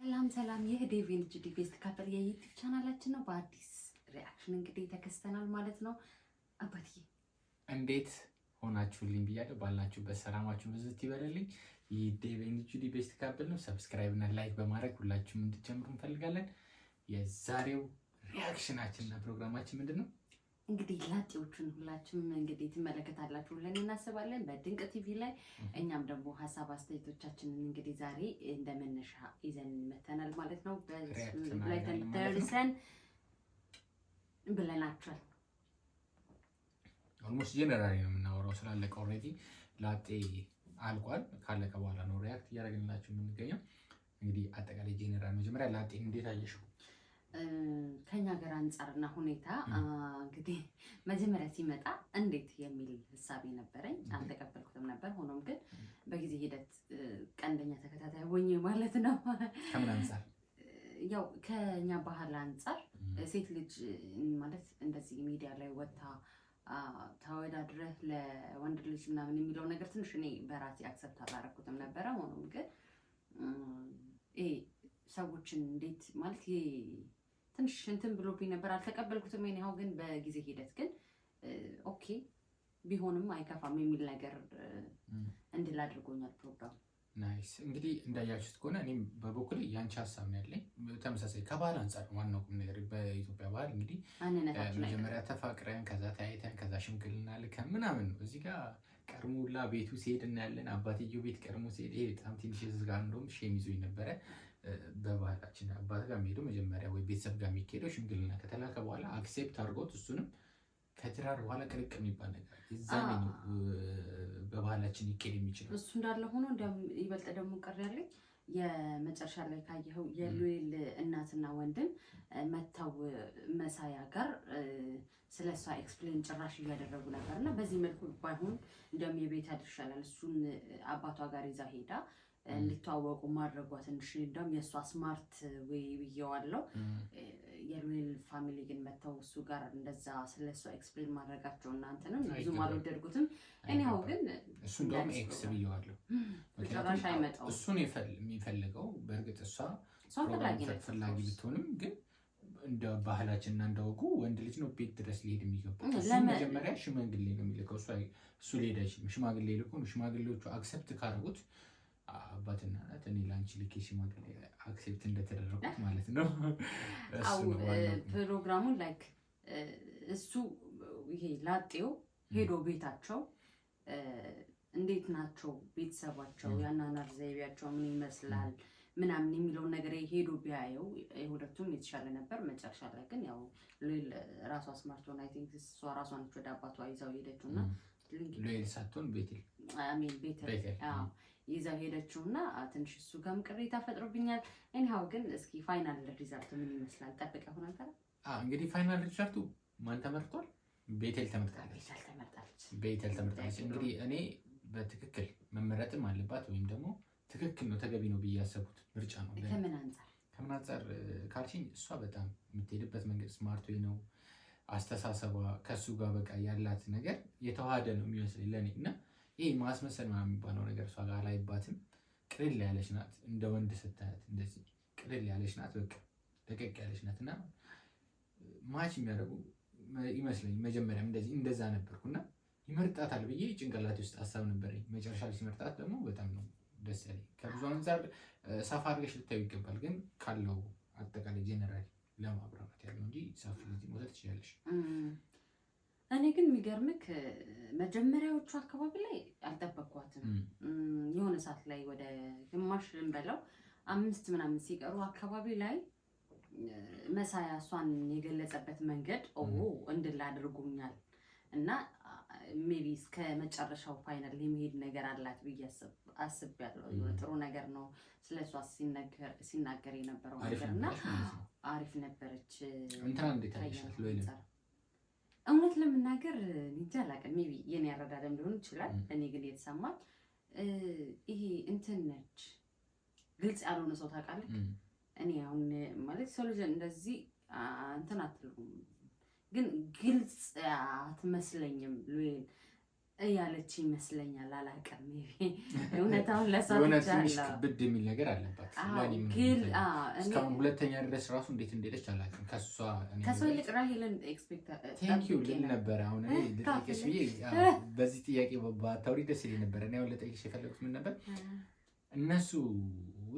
ሰላም ሰላም፣ ይህ ዴቪ ልጅ ዲቪ ስትካፈል የዩቲዩብ ቻናላችን ነው። በአዲስ ሪአክሽን እንግዲህ ተከስተናል ማለት ነው። አባትዬ እንዴት ሆናችሁልኝ ብያለሁ። ባላችሁበት ሰላማችሁ ብዙ ይበልልኝ። ይህ ዴቪ ልጅ ዲቪ ስትካፈል ነው። ሰብስክራይብ እና ላይክ በማድረግ ሁላችሁም እንድትጀምሩ እንፈልጋለን። የዛሬው ሪአክሽናችን እና ፕሮግራማችን ምንድን ነው? እንግዲህ ላጤዎቹን ሁላችሁም እንግዲህ ትመለከታላችሁ ብለን እናስባለን በድንቅ ቲቪ ላይ። እኛም ደግሞ ሀሳብ አስተያየቶቻችንን እንግዲህ ዛሬ እንደ መነሻ ይዘን መተናል ማለት ነው። ላይ ተንተርሰን ብለናቸዋል። ኦልሞስት ጀነራሊ ነው የምናወራው ስላለቀ ኦልሬዲ ላጤ አልቋል። ካለቀ በኋላ ነው ሪያክት እያደረግንላችሁ የምንገኘው። እንግዲህ አጠቃላይ ጄኔራል መጀመሪያ ላጤ እንዴት አየሽው? ከኛ ሀገር አንጻርና ሁኔታ እንግዲህ መጀመሪያ ሲመጣ እንዴት የሚል ህሳቤ ነበረኝ። አልተቀበልኩትም ነበር። ሆኖም ግን በጊዜ ሂደት ቀንደኛ ተከታታይ ሆኜ ማለት ነው። ያው ከኛ ባህል አንጻር ሴት ልጅ ማለት እንደዚህ ሚዲያ ላይ ወታ ተወዳድረህ ለወንድ ልጅ ምናምን የሚለው ነገር ትንሽ እኔ በራሴ አክሰብት አላረኩትም ነበረ። ሆኖም ግን ሰዎችን እንዴት ማለት ትንሽ እንትን ብሎብኝ ነበር፣ አልተቀበልኩትም። ይኸው ግን በጊዜ ሂደት ግን ኦኬ ቢሆንም አይከፋም የሚል ነገር እንድል አድርጎኛል ፕሮግራም። ናይስ እንግዲህ እንዳያችሁት ከሆነ እኔም በበኩል ያንቺ ሀሳብ ነው ያለኝ። ተመሳሳይ ከባህል አንጻር ዋናው ቁም ነገር በኢትዮጵያ ባህል እንግዲህ መጀመሪያ ተፋቅረን ከዛ ተያይተን ከዛ ሽምግልና ልከን ምናምን ነው። እዚህ ጋ ቀድሞላ ቤቱ ሲሄድ እናያለን። አባትየው ቤት ቀድሞ ሲሄድ ይሄ በጣም ትንሽ ዝጋ፣ እንደውም ሼም ይዞኝ ነበረ በባህላችን አባት ጋር የሚሄደው መጀመሪያ ወይ ቤተሰብ ጋር የሚካሄደው ሽምግልና ከተላከ በኋላ አክሴፕት አድርጎት እሱንም ከትዳር በኋላ ቅርቅ የሚባል ነገር እዛ በባህላችን ሊካሄድ የሚችለው እሱ እንዳለ ሆኖ ይበልጥ ደግሞ ቅር ያለኝ የመጨረሻ ላይ ካየኸው የሎየል እናትና ወንድም መተው መሳያ ጋር ስለ እሷ ኤክስፕሌን ጭራሽ እያደረጉ ነበር እና በዚህ መልኩ ባይሆን እንደውም የቤት ያድርሻላል እሱን አባቷ ጋር ይዛ ሄዳ እንዲተዋወቁ ማድረጓ ትንሽ እንዲያውም የእሷ ስማርት ወይ ብዬዋለሁ። የሉል ፋሚሊ ግን መተው እሱ ጋር እንደዛ ስለ እሷ ኤክስፕሌን ማድረጋቸው እናንተንም ብዙም አልወደድኩትም። እኔው ግን እሱ እንዲያውም ኤክስ ብዬዋለሁ። ጭራሽ አይመጣውም። እሱን የሚፈልገው በእርግጥ እሷ ፈላጊ ብትሆንም ግን እንደ ባህላችን እና እንደ ወንድ ልጅ ነው ቤት ድረስ ሊሄድ የሚገባው። እሱ መጀመሪያ ሽማግሌ ነው የሚልከው። እሱ ሊሄድ አይችልም። ሽማግሌ ልኮ ሽማግሌዎቹ አክሰፕት ካረጉት አባትና እናት እኔ ለአንቺ ልኬ ሽማግሌ አክሴፕት እንደተደረጉት ማለት ነው። ፕሮግራሙን ላይክ እሱ ይሄ ላጤው ሄዶ ቤታቸው እንዴት ናቸው ቤተሰባቸው፣ ያናናር ዘይቤያቸው ምን ይመስላል ምናምን የሚለውን ነገር ሄዶ ቢያየው የሁለቱም የተሻለ ነበር። መጨረሻ ላይ ግን ያው ሉል ራሷ ስማርትፎን አይ ቲንክ እሷ ራሷ ነች ወደ አባቷ ይዛው ሄደችው እና ሉል ሳትሆን ቤቴል ቤቴል ይዛው ሄደችው እና ትንሽ እሱ ጋርም ቅሬታ ፈጥሮብኛል። እኒሃው ግን እስኪ ፋይናል ሪዛልቱ ምን ይመስላል? ጠብቀ ሆናል እንግዲህ ፋይናል ሪዛልቱ ማን ተመርቷል? ቤቴል ተመርጣለች። ቤቴል ተመርጣለች። እንግዲህ እኔ በትክክል መመረጥም አለባት ወይም ደግሞ ትክክል ነው ተገቢ ነው ብዬ ያሰቡት ምርጫ ነው። ከምን አንጻር ከምን ካልሽኝ እሷ በጣም የምትሄድበት መንገድ ስማርት ነው። አስተሳሰቧ ከሱ ጋር በቃ ያላት ነገር የተዋሃደ ነው የሚመስለኝ ለእኔ እና ይሄ ማስመሰል ምናምን የሚባለው ነገር እሷ ጋር አላይባትም። ቅልል ያለች ናት፣ እንደ ወንድ ስታያት እንደዚህ ቅልል ያለች ናት። በቃ ደቀቅ ያለች ናት እና ማች የሚያደርጉ ይመስለኝ መጀመሪያም እንደዚህ እንደዛ ነበርኩና ይመርጣታል ብዬ ጭንቅላት ውስጥ ሀሳብ ነበረኝ። መጨረሻ ላይ ሲመርጣት ደግሞ በጣም ነው ደስ ያለኝ። ከብዙ አንጻር ሰፋ አድርገሽ ልታዩ ይገባል፣ ግን ካለው አጠቃላይ ጀነራል ለማብራራት ያለው እንጂ ሰፍ ሞተት ትችላለሽ። እኔ ግን የሚገርምክ መጀመሪያዎቹ አካባቢ ላይ አልጠበኳትም። የሆነ ሰዓት ላይ ወደ ግማሽ ልንበለው አምስት ምናምን ሲቀሩ አካባቢ ላይ መሳያ እሷን የገለጸበት መንገድ ኦ እንድል አድርጎኛል እና ሜቢ እስከ መጨረሻው ፋይናል የመሄድ ነገር አላት ብዬ አስቤያለሁ። ጥሩ ነገር ነው ስለ እሷ ሲናገር የነበረው ነገር እና አሪፍ ነበረች። እንትና እንዴት እውነት ለመናገር እንጃ አላውቅም። ሜይ ቢ የኔ አረዳደም ሊሆን ይችላል። እኔ ግን የተሰማኝ ይሄ እንትን ነች፣ ግልጽ ያልሆነ ሰው ታውቃለህ። እኔ አሁን ማለት ሰው ልጅ እንደዚህ እንትን አትልም፣ ግን ግልጽ አትመስለኝም ሉል እያለች ይመስለኛል። አላውቅም። እውነታውን ለሳትቻለሁ የሚል ነገር አለባት። ሁለተኛ ድረስ ራሱ እንዴት እንደሄደች አላውቅም። ከእሷ ይልቅ ራሄልን ልል ነበረ። አሁን ልጠይቅሽ ብዬ በዚህ ጥያቄ በአታውሪ ደስ ይለኝ ነበረ። እኔ አሁን ልጠይቅሽ የፈለጉት ምን ነበር፣ እነሱ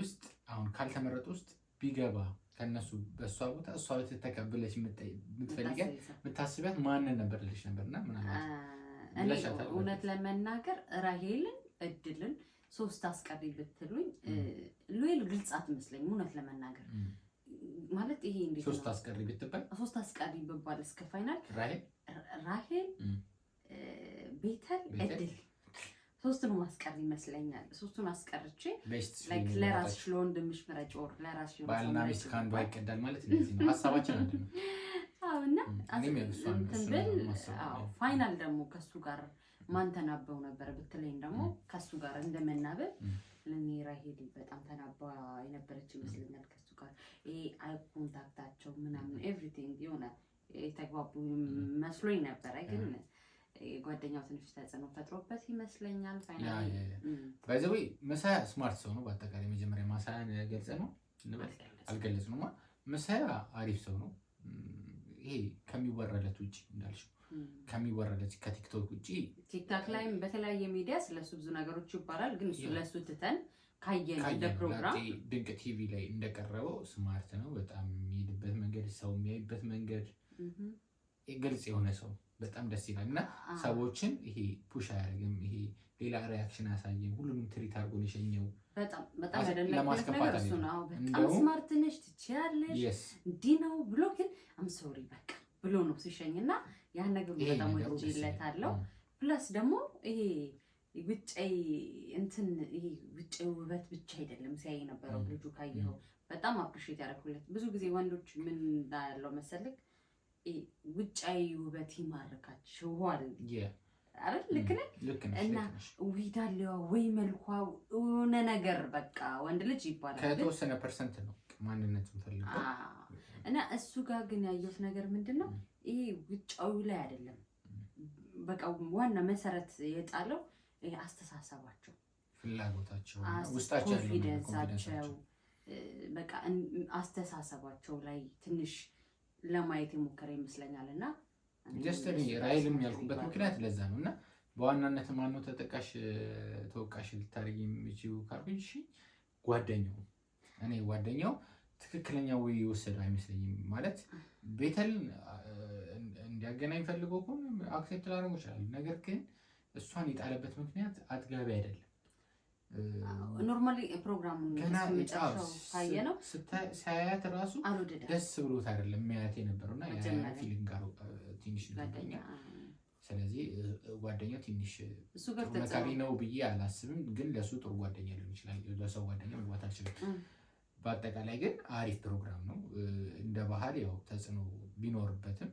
ውስጥ አሁን ካልተመረጡ ውስጥ ቢገባ ከእነሱ በእሷ ቦታ እሷ ብትተቀብለች የምትፈልገን የምታስቢያት ማንን ነበር ልልሽ ነበር እና ምናልባት እኔ እውነት ለመናገር ራሄልን እድልን ሶስት አስቀሪ ብትሉኝ ሉል ግልጽ አትመስለኝም። እውነት ለመናገር ማለት ይሄ እንዴት ሶስት አስቀሪ ብትባል ሶስት አስቀሪ ብባል እስከ ፋይናል ራሄል፣ ቤተል፣ እድል ሶስቱንም አስቀሪ ይመስለኛል። ሶስቱን አስቀርቼ ላይክ ለራስሽ ለወንድምሽ ምረጭ፣ ወር ለራስሽ ባልና ሚስት ከአንዱ አይቀዳል ማለት ነው። ሀሳባችን አንድ ነው። ሀሳብና ፋይናል ደግሞ ከሱ ጋር ተናበው ነበረ ብትለኝ ደግሞ ከሱ ጋር እንደመናበብ ለኔራ ሄድ በጣም ተናባ የነበረች ይመስለኛል። ከሱ ጋር ይሄ አይ ኮንታክታቸው ምናምን ኤቭሪቲንግ የሆነ የተግባቡ መስሎኝ ነበረ ግን ጓደኛው ትንሽ ተጽዕኖ ፈጥሮበት ይመስለኛል። ባይዘዌ መሳያ ስማርት ሰው ነው። በአጠቃላይ መጀመሪያ ማሳያ ገልጸ ነው አልገለጽ ነው። መሳያ አሪፍ ሰው ነው። ይሄ ከሚወረለት ውጭ እንዳልሽው ከሚወረለት ከቲክቶክ ውጭ ቲክታክ ላይም በተለያየ ሚዲያ ስለሱ ብዙ ነገሮች ይባላል። ግን እሱ ለሱ ትተን ካየን ድንቅ ቲቪ ላይ እንደቀረበው ስማርት ነው በጣም የሚሄድበት መንገድ፣ ሰው የሚያይበት መንገድ ግልጽ የሆነ ሰው በጣም ደስ ይላል እና ሰዎችን ይሄ ፑሽ አያደርግም። ይሄ ሌላ ሪያክሽን አሳየም። ሁሉንም ትሪት አድርጎ ነው የሸኘው። በጣም በጣም ስማርት ነሽ ትችያለሽ እንዲህ ነው ብሎ ግን አምሶሪ በቃ ብሎ ነው ሲሸኝና ያን ነገር በጣም ወድጄለታለሁ። ፕላስ ደግሞ ይሄ ውጫዊ እንትን ይሄ ውጫዊ ውበት ብቻ አይደለም ሲያይ የነበረው ልጁ ካየኸው በጣም አፕሪሼት ያደረኩለት። ብዙ ጊዜ ወንዶች ምን እንዳለው መሰልክ ውጫዊ ውበት ይማርካቸዋል አይደል? ልክ ነህ። እና ወይ ወይ መልኳ የሆነ ነገር በቃ ወንድ ልጅ ይባላል ከተወሰነ ፐርሰንት ነው ማንነቱን ፈልገው እና እሱ ጋር ግን ያየሁት ነገር ምንድን ነው ይሄ ውጫዊ ላይ አይደለም፣ በቃ ዋና መሰረት የጣለው ይሄ አስተሳሰባቸው፣ ፍላጎታቸው፣ ውስጣቸው፣ ኮንፊደንሳቸው በቃ አስተሳሰባቸው ላይ ትንሽ ለማየት የሞከረ ይመስለኛል። እና ጀስተሪ ራይልም ያልኩበት ምክንያት ለዛ ነው። እና በዋናነት ማነው ተጠቃሽ ተወቃሽ ልታደርግ የሚችሉ ካልኩኝ ጓደኛው እኔ ጓደኛው ትክክለኛ ወይ የወሰደ አይመስለኝም። ማለት ቤተልን እንዲያገናኝ ፈልጎ ከሆነ አክሴፕት ላደርገው ይችላል። ነገር ግን እሷን የጣለበት ምክንያት አጥጋቢ አይደለም። ኖርማሊ ፕሮግራሙን ነው ሳያት ራሱ ደስ ብሎት አይደለም የሚያያት የነበረው እና ፊሊንግ ጋር ትንሽ ጓደኛ ስለዚህ ጓደኛው ትንሽ መካሪ ነው ብዬ አላስብም። ግን ለእሱ ጥሩ ጓደኛ ሊሆን ይችላል። ለሰው ጓደኛ መግባት አልችልም። በአጠቃላይ ግን አሪፍ ፕሮግራም ነው። እንደ ባህል ያው ተጽዕኖ ቢኖርበትም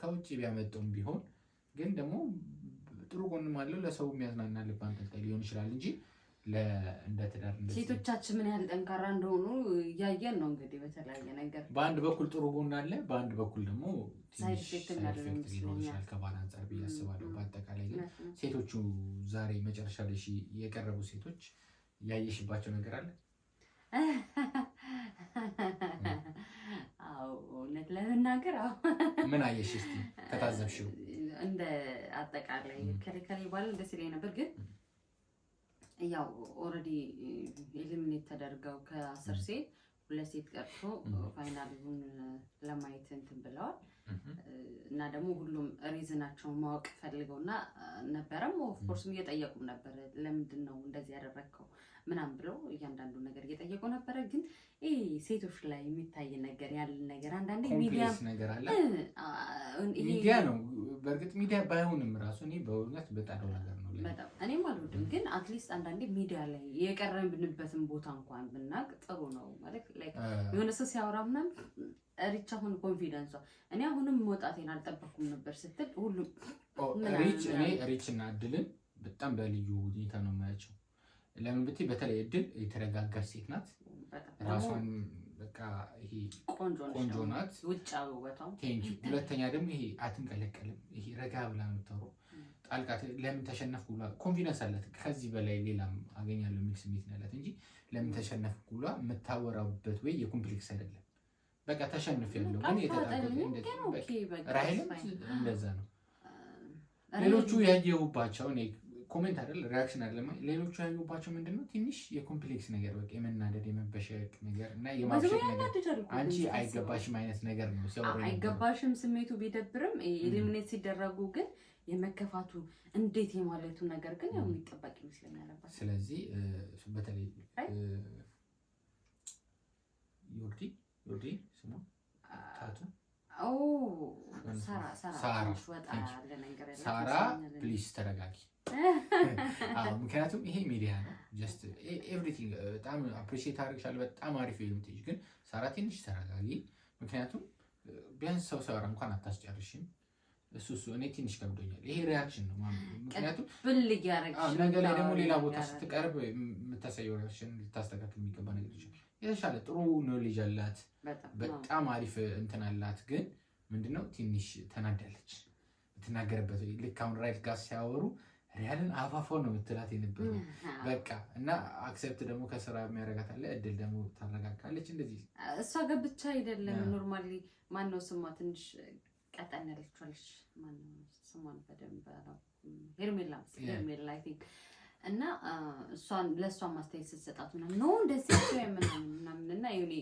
ከውጭ ቢያመጡም ቢሆን ግን ደግሞ ጥሩ ጎንም አለው። ለሰው የሚያዝናና ልብ አንጠልጣይ ሊሆን ይችላል እንጂ እንደ ትዳር ሴቶቻችን ምን ያህል ጠንካራ እንደሆኑ እያየን ነው። እንግዲህ በተለያየ ነገር በአንድ በኩል ጥሩ ጎን አለ፣ በአንድ በኩል ደግሞ ሳይድፌክት ይችላል ከባል አንጻር ብዬ አስባለሁ። በአጠቃላይ ግን ሴቶቹ ዛሬ መጨረሻ ላይ የቀረቡ ሴቶች ያየሽባቸው ነገር አለ እውነት ለመናገር ምን አየሽ እስኪ ከታዘብሽው? እንደ አጠቃላይ ከሌከሌ ባለ ደስ ይለኝ ነበር ግን ያው ኦልሬዲ ኤሊሚኔት ተደርገው ከአስር ሴት ሁለት ሴት ቀርቶ ፋይናሉን ለማየት እንትን ብለዋል እና ደግሞ ሁሉም ሪዝናቸውን ማወቅ ፈልገው ፈልገውና ነበረም ኦፍኮርስም እየጠየቁም ነበር። ለምንድን ነው እንደዚህ ያደረግከው ምናምን ብለው እያንዳንዱ ነገር እየጠየቁ ነበረ። ግን ይሄ ሴቶች ላይ የሚታይ ነገር ያለ ነገር አንዳንዴ ነገር አለ። ሚዲያ ነው በእርግጥ ሚዲያ ባይሆንም ራሱ እኔ በእውነት በጣም ነገር ነው በጣም እኔም አልወድም። ግን አትሊስት አንዳንዴ ሚዲያ ላይ የቀረብንበትን ቦታ እንኳን ብናቅ ጥሩ ነው ማለት ላይክ የሆነ ሰው ሲያወራ ምናምን ሪች አሁን ኮንፊደንሷ እኔ አሁንም መውጣቴን አልጠበኩም ነበር ስትል ሁሉም ሪች እኔ ሪች እና እድልን በጣም በልዩ ሁኔታ ነው የማያቸው ለምን ብትይ በተለይ እድል የተረጋጋች ሴት ናት። ራሷን በቃ ይሄ ቆንጆ ናት። ሁለተኛ ደግሞ ይሄ አትንቀለቀልም። ይሄ ረጋ ብላ የምታወራው ጣልቃ ለምን ተሸነፍኩ ብላ ኮንፊደንስ አላት። ከዚህ በላይ ሌላም አገኛለሁ የሚል ስሜት ነው ያላት እንጂ ለምን ተሸነፍኩ ብላ የምታወራበት ወይ የኮምፕሌክስ አይደለም። በቃ ተሸንፍ ያለው ግን የተጣራይልም እንደዛ ነው። ሌሎቹ ያየሁባቸው ኮሜንት አይደል ሪያክሽን አይደለም። ሌሎቹ ያዩባቸው ምንድነው ትንሽ የኮምፕሌክስ ነገር በቃ የመናደድ የመበሸቅ ነገር እና የማሸቅ ነገር አንቺ አይገባሽም አይነት ነገር ነው። አይገባሽም ስሜቱ ቢደብርም ኤሊሚኔት ሲደረጉ ግን የመከፋቱ እንዴት የማለቱ ነገር ግን ያው የሚጠበቅ ይመስለኛል። ስለዚህ በተለይ ዮርዲ ዮርዲ ስሙ ታቱ ሳራ ፕሊዝ ተረጋጊ። ምክንያቱም ይሄ ሚዲያ ነው። ኤቭሪቲንግ በጣም አፕሪሺየት አድርግሻለሁ። በጣም አሪፍ የምትሄጂ ግን ሳራ ትንሽ ተረጋጊ። ምክንያቱም ቢያንስ ሰው ሰራ እንኳን አታስጨርሽም። እሱ እሱ እኔ ትንሽ ከብዶኛል። ይሄ ሪያክሽን ነው። ምክንያቱም ነገ ላይ ደግሞ ሌላ ቦታ ስትቀርብ የምታሳየው ሪያክሽን ልታስተካክል የሚገባ ነገር ይችላል። የተሻለ ጥሩ ኖሌጅ አላት። በጣም አሪፍ እንትን አላት። ግን ምንድነው ትንሽ ተናዳለች። የምትናገርበት ልክ አሁን ራይት ጋር ሲያወሩ ሪያልን አፋፎ ነው የምትላት የነበረ በቃ እና አክሰፕት ደግሞ ከስራ የሚያረጋት አለ። እድል ደግሞ ታረጋጋለች። እንደዚህ እሷ ጋር ብቻ አይደለም ኖርማሊ ማነው ስማ ትንሽ ቀጠን ያለችዋለች። ማነው ስሟን በደንብ ሄርሜላ ሄርሜላ አይ ቲንክ እና እሷን ለእሷን ማስተያየት ስትሰጣት ምናምን ነው እንደዚህ ምናምን እና የሆነ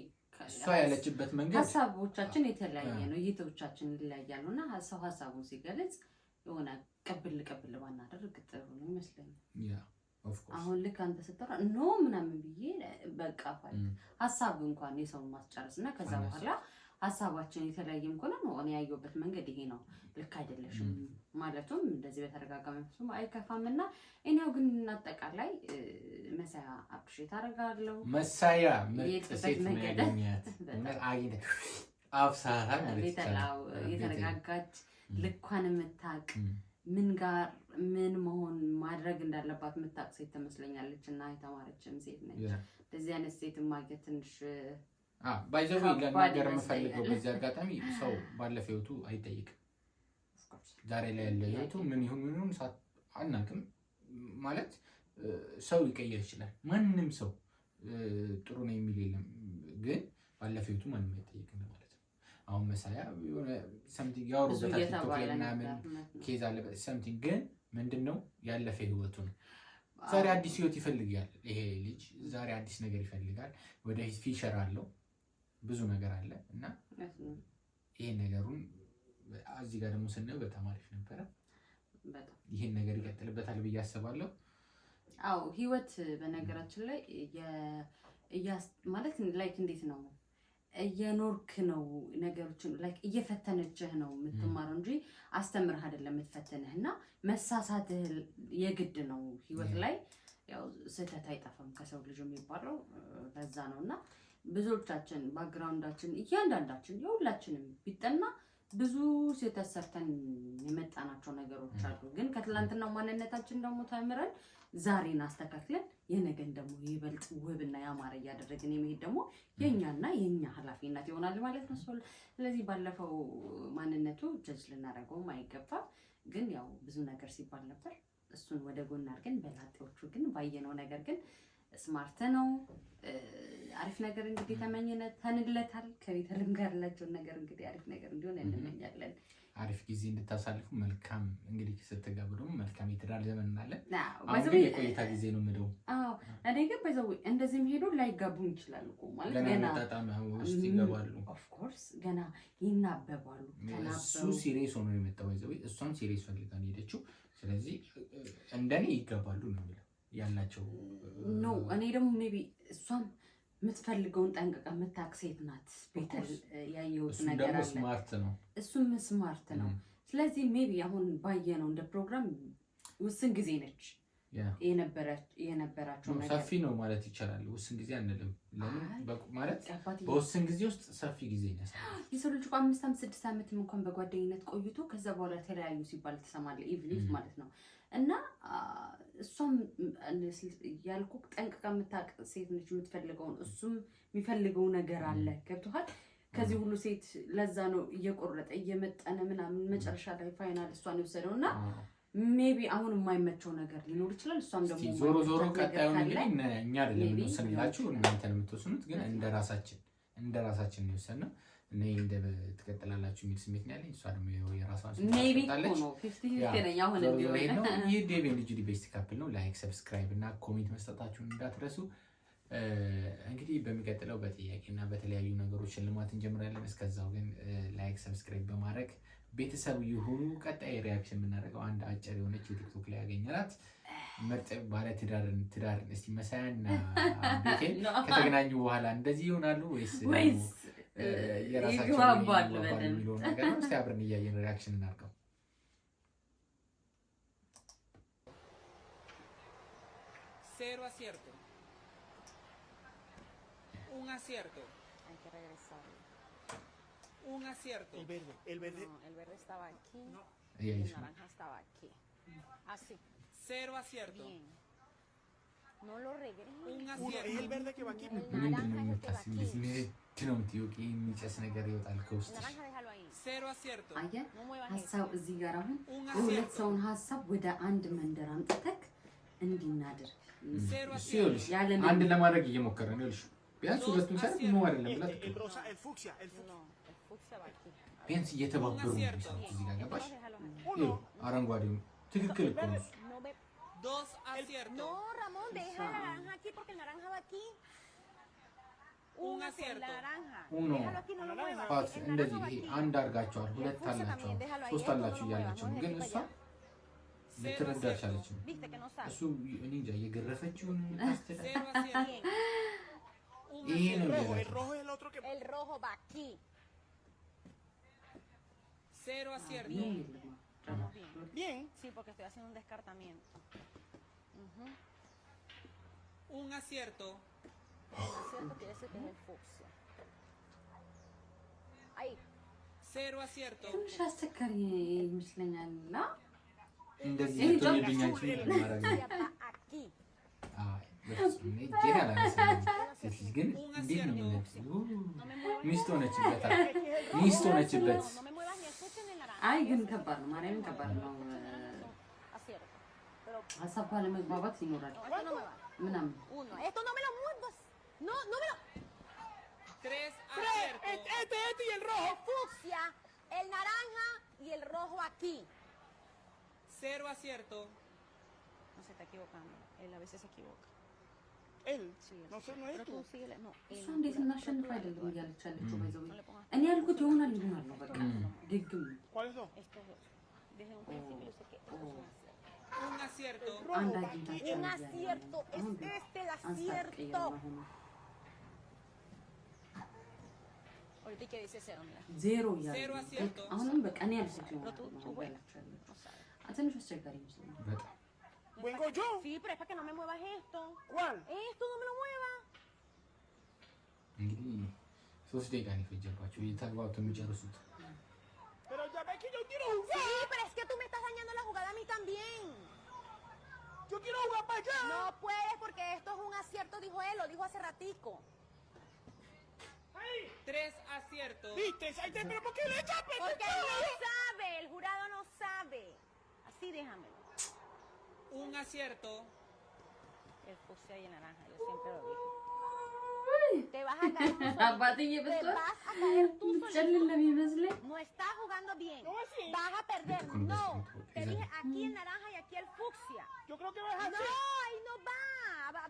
እሷ ያለችበት መንገድ ሀሳቦቻችን የተለያየ ነው፣ እይታዎቻችን ይለያያሉ። እና ሰው ሀሳቡን ሲገልጽ የሆነ ቅብል ቅብል ባናደርግ ጥሩ ነው ይመስለኛል። አሁን ልክ አንተ ስጠራ ኖ ምናምን ብዬ በቃ ሀሳብ እንኳን የሰውን ማስጨረስ እና ከዛ በኋላ ሀሳባችን የተለያየም ከሆነ ነው እኔ ያየሁበት መንገድ ይሄ ነው፣ ልክ አይደለሽም ማለቱም እንደዚህ በተረጋጋ መንፈሱም አይከፋም። እና እኔው ግን አጠቃላይ መሳያ አፕሪሼት አደርጋለሁ። መሳያ ምጥሴት ያገኛት አብሳራ የተረጋጋች ልኳን የምታውቅ ምን ጋር ምን መሆን ማድረግ እንዳለባት የምታውቅ ሴት ትመስለኛለች። እና የተማረችም ሴት ነች። እንደዚህ አይነት ሴት ማግኘት ትንሽ ባይዘዌ ah, ለናገር የምፈልገው በዚህ አጋጣሚ ሰው ባለፈ ህይወቱ አይጠይቅም። ዛሬ ላይ ያለ ህይወቱ ምን ይሁን ምን ይሁን አናውቅም። ማለት ሰው ይቀየር ይችላል። ማንም ሰው ጥሩ ነው የሚል የለም። ግን ባለፈ ህይወቱ ማንም አይጠይቅም ማለት ነው። አሁን መሳያ የሆነ ሰምቲንግ ያወሩበታል ቲክቶክ ላይ ምናምን ኬዝ አለበት ሰምቲንግ። ግን ምንድን ነው ያለፈ ህይወቱ ነው። ዛሬ አዲስ ህይወት ይፈልጋል ይሄ ልጅ። ዛሬ አዲስ ነገር ይፈልጋል። ወደ ፊቸር አለው ብዙ ነገር አለ እና ይሄን ነገሩን እዚህ ጋር ደግሞ ስናየው በጣም አሪፍ ነበረ። ይሄን ነገር ይቀጥልበታል ብዬ አስባለሁ። አዎ ህይወት በነገራችን ላይ ማለት ላይክ እንዴት ነው እየኖርክ ነው ነገሮችን ላይክ እየፈተነችህ ነው የምትማረው እንጂ አስተምርህ አይደለም የምትፈትንህ። እና መሳሳትህ የግድ ነው ህይወት ላይ ያው ስህተት አይጠፋም ከሰው ልጅ የሚባለው በዛ ነው እና ብዙዎቻችን ባክግራውንዳችን እያንዳንዳችን የሁላችንም ቢጠና ብዙ ስህተት ሰርተን የመጣናቸው ነገሮች አሉ። ግን ከትላንትናው ማንነታችን ደግሞ ተምረን ዛሬን አስተካክለን የነገን ደግሞ ይበልጥ ውብና ያማረ እያደረግን የመሄድ ደግሞ የእኛና የእኛ ኃላፊነት ይሆናል ማለት ነው። ስለዚህ ባለፈው ማንነቱ ጀጅ ልናደርገውም አይገባም። ግን ያው ብዙ ነገር ሲባል ነበር። እሱን ወደ ጎን አድርገን በላጤዎቹ ግን ባየነው ነገር ግን ስማርት ነው። አሪፍ ነገር እንግዲህ ተመኝነ ተንለታል። ከቤተልም ጋር ያላቸውን ነገር እንግዲህ አሪፍ ነገር እንዲሆን እንመኛለን። አሪፍ ጊዜ እንድታሳልፉ መልካም እንግዲህ ስትጋቡ ደግሞ መልካም የትዳር ዘመን እናለን። የቆይታ ጊዜ ነው ምደው እኔ ግን በዛ እንደዚህም ሄዶ ላይጋቡም ይችላሉ ማለት ውስጥ ይገባሉ። ኦፍኮርስ ገና ይናበባሉ። እሱ ሲሪየስ ሆኖ የመጣ ይዘ እሷም ሲሪየስ ፈልጋ ሄደችው። ስለዚህ እንደኔ ይገባሉ ነው የሚለው ያላቸው ኖ እኔ ደግሞ ሜይ ቢ እሷም የምትፈልገውን ጠንቅቃ የምታውቅ ሴት ናት። ቤተል ያየሁት ነገር አለ። እሱም ስማርት ነው። mm. ስለዚህ ሜይ ቢ አሁን ባየነው እንደ ፕሮግራም ውስን ጊዜ ነች የነበራቸው ሰፊ ነው ማለት ይቻላል። ውስን ጊዜ አንልም ማለት በውስን ጊዜ ውስጥ ሰፊ ጊዜ ይነሳል። የሰው ልጅ አምስት ስድስት ዓመትም እንኳን በጓደኝነት ቆይቶ ከዛ በኋላ ተለያዩ ሲባል ትሰማለህ። ኢቭሊፍ mm. ማለት ነው እና እሷም ያልኩ ጠንቅቃ የምታውቅ ሴት ነች። የምትፈልገውን እሱም የሚፈልገው ነገር አለ። ገብቶሃል? ከዚህ ሁሉ ሴት ለዛ ነው እየቆረጠ እየመጠነ ምናምን መጨረሻ ላይ ፋይናል እሷን የወሰደው እና ሜቢ አሁን የማይመቸው ነገር ሊኖር ይችላል። እሷም ደግሞ ዞሮ ዞሮ ቀጣዩን እንግዲህ እኛ አይደለም የምንወስንላችሁ እናንተ የምትወስኑት። ግን እንደ ራሳችን እንደ ራሳችን ነው የወሰንነው ነይ እንደ ትቀጥላላችሁ የሚል ስሜት ነው ያለኝ። እሷ ደግሞ የራሷን ይህ ዴቭ ኤንድ ጁዲ ቤስት ካፕል ነው። ላይክ ሰብስክራይብ እና ኮሜንት መስጠታችሁን እንዳትረሱ። እንግዲህ በሚቀጥለው በጥያቄ እና በተለያዩ ነገሮች ሽልማት እንጀምራለን። እስከዛው ግን ላይክ ሰብስክራይብ በማድረግ ቤተሰብ የሆኑ ቀጣይ ሪያክሽን የምናደርገው አንድ አጭር የሆነች የቲክቶክ ላይ ያገኘናት ምርጥ ባለ ትዳርን ትዳርን እስቲ መሳያና ቤቴን ከተገናኙ በኋላ እንደዚህ ይሆናሉ ወይስ ይግባባሉ በደንብ አብረን reaction ሪያክሽን እናድርገው። Cero acierto. Un acierto. Hay que regresar. Un acierto. El verde. El verde. el verde estaba aquí. No. El naranja estaba aquí. Mm. Así. Cero acierto. Bien. No lo regreses. Uno, el verde que va aquí. El naranja es el que va aquí. ሴሮ አስርቶ አየህ፣ ሀሳብ እዚህ ጋር አሁን ሁለት ሰውን ሀሳብ ወደ አንድ መንደር አምጥተህ እንዲናድር አንድ ለማድረግ እየሞከረ ነው ያልሺው። ቢያንስ ሁለቱም ሳይሆን ነው አይደለም ብላ ቢያንስ እየተባበሩ ነው። እዚህ ጋር ገባሽ? አረንጓዴው ትክክል እኮ ነው Dos aciertos. No, Ramón, deja la naranja aquí porque el naranja va aquí. Un, acierto. naranja. Uno. Déjalo aquí, no lo muevas. Paz, Viste que no sabe. እያለችው ግን refecho un Cero acierto. 1 El rojo va aquí. Cero ah, acierto. Bien. Sí, porque estoy haciendo un descartamiento. Un acierto. acierto es el Cero acierto a esa me Esto no me lo muevas No, no me lo. 3 Este y el rojo, fucsia, el naranja y el rojo aquí. Cero acierto. No se está equivocando. Él a veces se equivoca. Él. No no es tú, No. Mm. una mm. mm. ¿Cuál es eso? un oh. sé un acierto. Un acierto. Es este el acierto. dice cero, ya. Cero acierto. Sí, pero es para que no me muevas esto. ¿Cuál? Esto no me lo muevas. Pero ya Sí, pero es que tú me estás dañando la jugada a mí también. Yo quiero jugar para allá. No puedes porque esto es un acierto, dijo él, lo dijo hace ratico. Tres aciertos. ¿Viste? Ahí ¿Pero por qué le echaste? Porque él no sabe, el jurado no sabe. Así déjamelo. Un acierto. El puse ahí en naranja, yo siempre lo dije. Te vas a caer. Te vas a caer tú No está jugando bien. Vas a perder. No. Te dije aquí en naranja y aquí el fucsia. Yo creo que vas a No, ahí no va.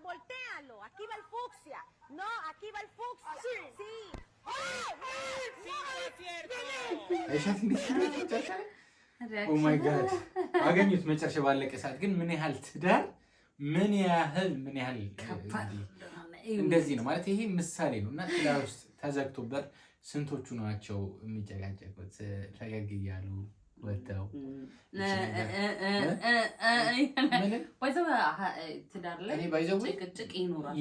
Voltealo. Aquí va el fucsia. No, aquí va el fucsia. Ah, sí. Sí. ¡Oh! ¡Sí, god እንደዚህ ነው ማለት ይሄ ምሳሌ ነው እና ትዳር ውስጥ ተዘግቶበት ስንቶቹ ናቸው የሚጨቃጨቁት? ፈገግ እያሉ ወጥተው ትዳር ላይ ጭቅጭቅ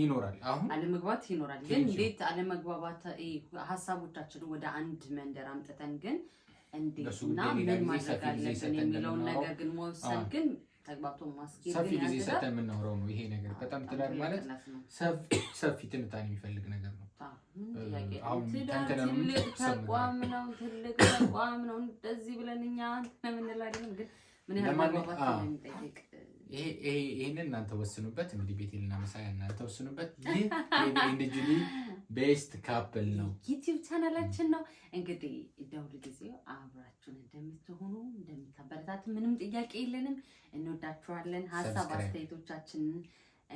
ይኖራል፣ አለመግባት ይኖራል። ግን እንዴት አለመግባባት ሀሳቦቻችን ወደ አንድ መንደር አምጥተን ግን እንዴትና ምን ማድረግ አለብን የሚለውን ነገር ግን መወሰን ግን ተግባብቶ ማስኬድ ሰፊ ጊዜ ሰተን የምናወራው ነው። ይሄ ነገር በጣም ትዳር ማለት ሰፊ ትንታኔ የሚፈልግ ነገር ነው። ትልቅ ተቋም ነው፣ ትልቅ ተቋም ነው። እንደዚህ ብለን እኛ እንትን የምንል አይደለም፣ ግን ምን ያህል መግባባት የሚጠይቅ ይሄንን እናንተ ወስኑበት። እንግዲህ ቤቴልና መሳያ እናንተ ወስኑበት። ይህ ኤንጅሊ ቤስት ካፕል ነው ዩቲዩብ ቻናላችን ነው። እንግዲህ ደውል ጊዜው አብራችሁን እንደምትሆኑ እንደምታበረታት ምንም ጥያቄ የለንም። እንወዳችኋለን። ሀሳብ አስተያየቶቻችንን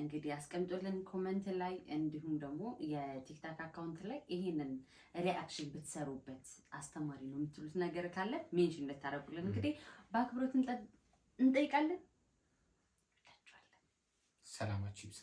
እንግዲህ አስቀምጦልን ኮመንት ላይ እንዲሁም ደግሞ የቲክታክ አካውንት ላይ ይሄንን ሪአክሽን ብትሰሩበት አስተማሪ ነው የምትሉት ነገር ካለ ሜንሽን እንድታደርጉልን እንግዲህ በአክብሮት እንጠይቃለን። ሰላማችሁ ይብዛ።